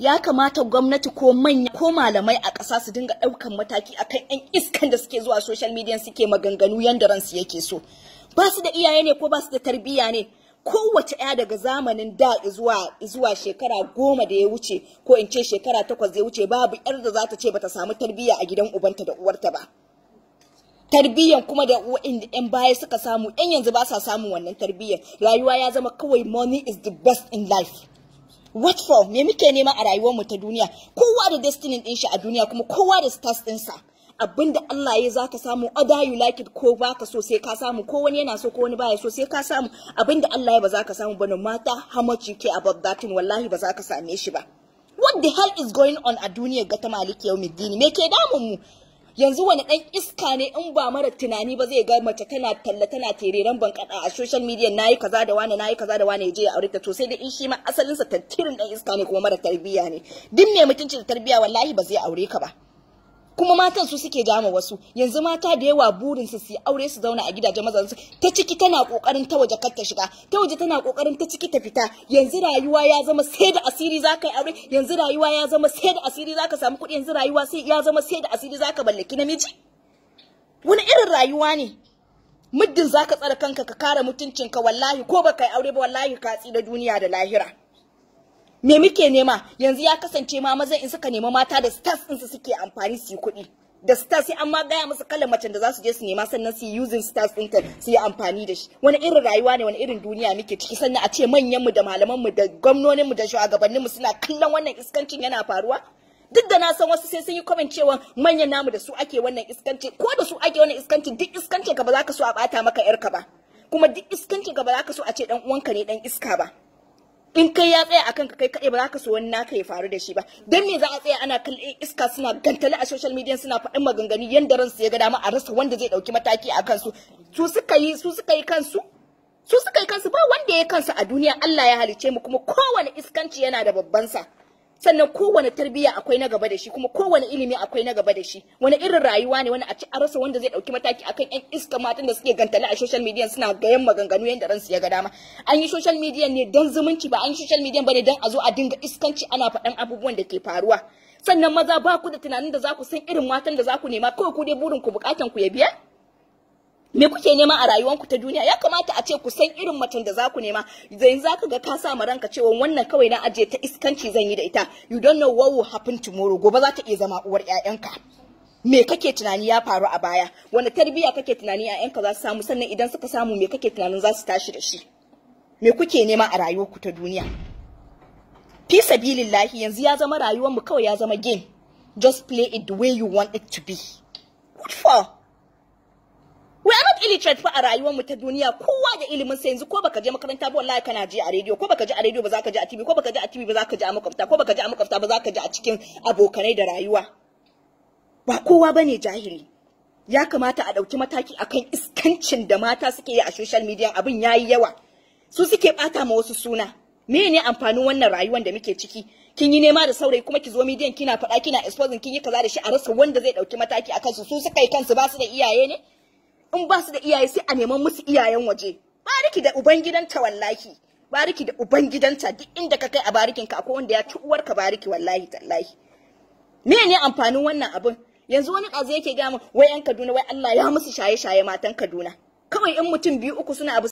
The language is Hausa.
ya kamata gwamnati ko manya ko malamai a ƙasa su dinga ɗaukan mataki akan 'yan iskan da suke zuwa social media suke maganganu yadda ransu yake so ba su da iyaye ne ko ba su da tarbiyya ne kowace ɗaya daga zamanin da zuwa shekara goma da ya wuce ko in ce shekara takwas ya wuce babu yar da za ta ce bata samu tarbiyya a gidan ubanta da uwarta ba tarbiyyan kuma da wa'inda yan baya suka samu yan yanzu ba sa samun wannan tarbiyyan rayuwa ya zama kawai money is the best in life what for me muke nema a rayuwar mu ta duniya kowa da destiny din shi a duniya kuma kowa da stars din sa abinda Allah ya zaka samu ada you like it ko baka so sai ka samu ko wani yana so ko wani baya so sai ka samu abinda Allah ya ba zaka samu ba no matter how much you care about that thing wallahi ba zaka same shi ba what the hell is going on a duniya ga ta maliki yau middini me ke damun mu yanzu wani ɗan iska ne in ba mara tunani ba zai ga mace tana talla tana tereren bankada a social media nayi kaza da wani nayi kaza da wani ya je ya aure ta to sai dai in shi ma asalin sa tattirin dan iska ne kuma mara tarbiya ne duk mai mutunci da tarbiya wallahi ba zai aure ka ba kuma matan su suke jama wasu yanzu mata da yawa burin su su aure su zauna a gidajen mazan su ta ciki tana kokarin ta waje kar ta shiga ta waje tana kokarin ta ciki ta fita yanzu rayuwa ya zama sai da asiri zaka yi aure yanzu rayuwa ya zama sai da asiri zaka samu kuɗi yanzu rayuwa sai ya zama sai da asiri zaka mallaki namiji wani irin rayuwa ne muddin zaka tsara kanka ka kare mutuncinka wallahi ko baka yi aure ba wallahi ka tsira duniya da lahira me muke nema yanzu ya kasance ma maza in suka nema mata da stars din su suke amfani su yi kuɗi da stars sai an ma gaya musu kalan macen da za su je su nema sannan su using stars ɗinta su yi amfani da shi wani irin rayuwa ne wani irin duniya muke ciki sannan a ce manyanmu da malamanmu da mu da shugabanninmu suna kallon wannan iskancin yana faruwa duk da na san wasu sai sun yi kwamen cewa manyan namu da su ake wannan iskanci ko da su ake wannan iskanci duk iskancin ka ba za ka so a bata maka yarka ba kuma duk iskancin ka ba za ka so a ce dan uwanka ne dan iska ba in kai ya tsaya akan ka kai kaɗai ba za ka so wani naka ya faru da shi ba dan me za a tsaya ana kalle iska suna gantale a social media suna faɗin maganganu yanda ransu ya ga dama a rasa wanda zai ɗauki mataki a kansu su suka yi su suka yi kansu su suka yi kansu ba wanda ya kansu a duniya Allah ya halicce mu kuma kowane iskanci yana da babban sa sannan kowane tarbiyya akwai na gaba da shi kuma kowane ilimi akwai na gaba da shi wani irin rayuwa ne wani a ci a rasa wanda zai dauki mataki akan yan iska matan da suke gantale a social media suna gayan maganganu yanda ransu ya ga dama an yi social media ne dan zumunci ba an yi social media bane dan a zo a dinga iskanci ana faɗan abubuwan da ke faruwa sannan maza ba ku da tunanin da za ku san irin matan da za ku nema kawai ku dai burin ku bukatan ku ya biya me kuke nema a rayuwanku ta duniya ya kamata a ce ku san irin mutum da za ku nema yanzu za ka ga ka sa ma ranka cewa wannan kawai na aje ta iskanci zan yi da ita you don't know what will happen tomorrow gobe za ta iya zama uwar ƴaƴanka me kake tunani ya faru a baya wani tarbiyya kake tunani ƴaƴanka za su samu sannan idan suka samu me kake tunanin za su tashi da shi me kuke nema a rayuwarku ta duniya fi sabilillahi yanzu ya zama rayuwar mu kawai ya zama game just play it the way you want it to be what for we are not illiterate fa a rayuwar mu ta duniya kowa da ilimin sa yanzu ko baka je makaranta ba wallahi kana ji a rediyo ko baka ji a rediyo ba za ka ji a TV ko baka ji a TV ba za ka ji a makwabta ko baka ji a makwabta ba za ka ji a cikin abokanai da rayuwa ba kowa bane jahili ya kamata a ɗauki mataki akan iskancin da mata suke yi a social media abin yayi yawa su suke bata ma wasu suna me ne amfanin wannan rayuwar da muke ciki kin yi nema da saurayi kuma ki zo midiyan kina faɗa kina exposing kin yi kaza da shi a rasa wanda zai ɗauki mataki akan su su suka yi kansu ba su da iyaye ne in ba su da iyaye sai a neman musu iyayen waje bariki da ubangidanta wallahi bariki da ubangidanta duk inda ka kai a barikin ka akwai wanda ya ci uwar ka bariki wallahi tallahi me ne amfanin wannan abun? yanzu wani kazi yake ga mu wai yan Kaduna wai Allah ya musu shaye shaye matan Kaduna kawai in mutum biyu uku suna abu